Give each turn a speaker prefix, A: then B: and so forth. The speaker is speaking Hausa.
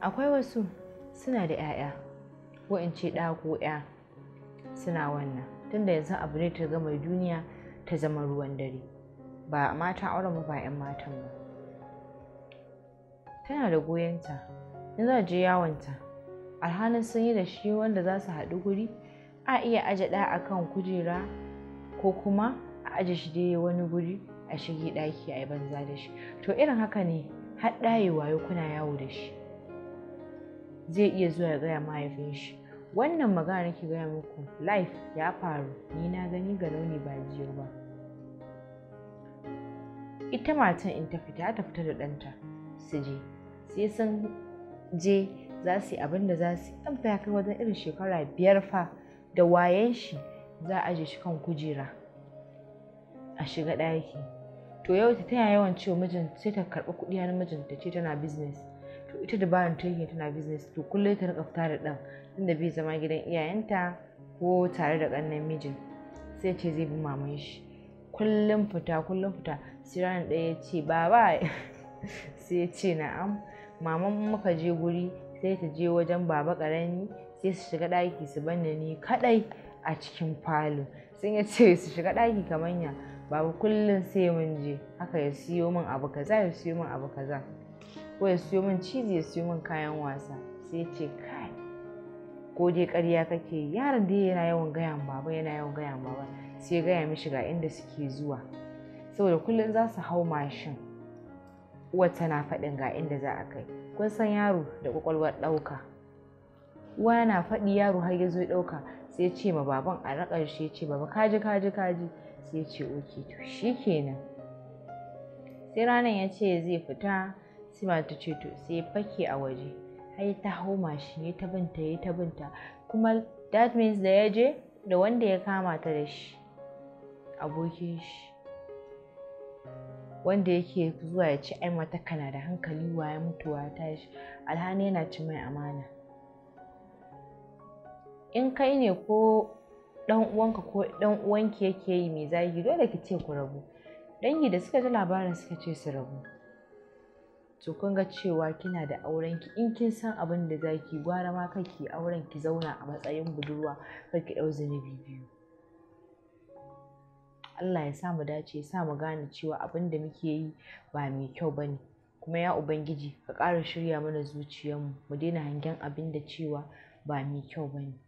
A: akwai wasu suna da 'ya'ya wa'ance ɗa ko 'ya suna wannan tunda yanzu abu ne ta gama duniya ta zama ruwan dare ba matan auren ba ba 'yan matan ba tana da goyonta in za je yawonta alhanin sun yi da shi wanda za su haɗu guri a iya aje ɗa a kan kujera ko kuma a aje shi dai wani guri a shige ɗaki a yi banza da shi to irin haka ne har ɗayewa kuna yawo da shi zai iya zuwa ya gaya mahaifin shi wannan magana nake gaya muku life ya faru ni na gani ga launi ba jiyo ba ita matan in ta fita ta fita da ɗanta su je sai sun je za su yi abin da za su yi ya kai wajen irin shekara biyar fa da wayan shi za a je shi kan kujera a shiga ɗaki to yau ta tana yawan cewa mijin sai ta karɓi kuɗi na mijin ta ce tana business to ita da bayan ta yi tana business to kullum ta rika fita da ɗan inda bai zama gidan iyayenta ko tare da ƙannen mijin sai ce zai bi maman shi kullum fita kullum fita sai ranar ɗaya ya ce baba sai ya ce na'am maman muka je guri sai ta je wajen baba ƙarami sai su shiga ɗaki su banne ni kaɗai a cikin falo sun ya ce su shiga ɗaki kamar ya babu kullum sai mun je haka ya siyo min abu kaza ya siyo min abu kaza ko ya siyo min cizi ya siyo min kayan wasa sai ce kai ko dai ƙarya kake yaron dai yana yawan gaya baba yana yawan gaya baba sai ya gaya mishi ga inda suke zuwa saboda kullum za su hau mashin uwar tana faɗin ga inda za a kai kun san yaro da kwakwalwar ɗauka uwa na faɗi yaro har ya zo ya ɗauka sai ya ce ma baban a raƙar shi ya ce baba kaji kaji kaji sai ya ce oke to shi kenan. sai ranar ya ce zai fita sima ta ce to sai fake a waje har ta hau shi, ya ta binta ya ta binta kuma that means da ya je da wanda ya kama ta da shi abokin shi wanda yake zuwa ya ci ai mata kana da hankali waye mutuwa ta shi alhani yana ci mai amana in kai ne ko dan uwanka ko dan uwanki yake yi mai zagi dole ki ce ku rabu dangi da suka ji labarin suka ce su rabu to kun ga cewa kina da auren ki in kin san abin da zaki gwara ma kake auren ki zauna a matsayin budurwa kar ki dau zunubi biyu Allah ya sa mu dace ya sa mu gane cewa abin da muke yi ba mai kyau bane kuma ya ubangiji ka ƙara shirya mana zuciyarmu mu daina hangen abin da cewa ba mai kyau bane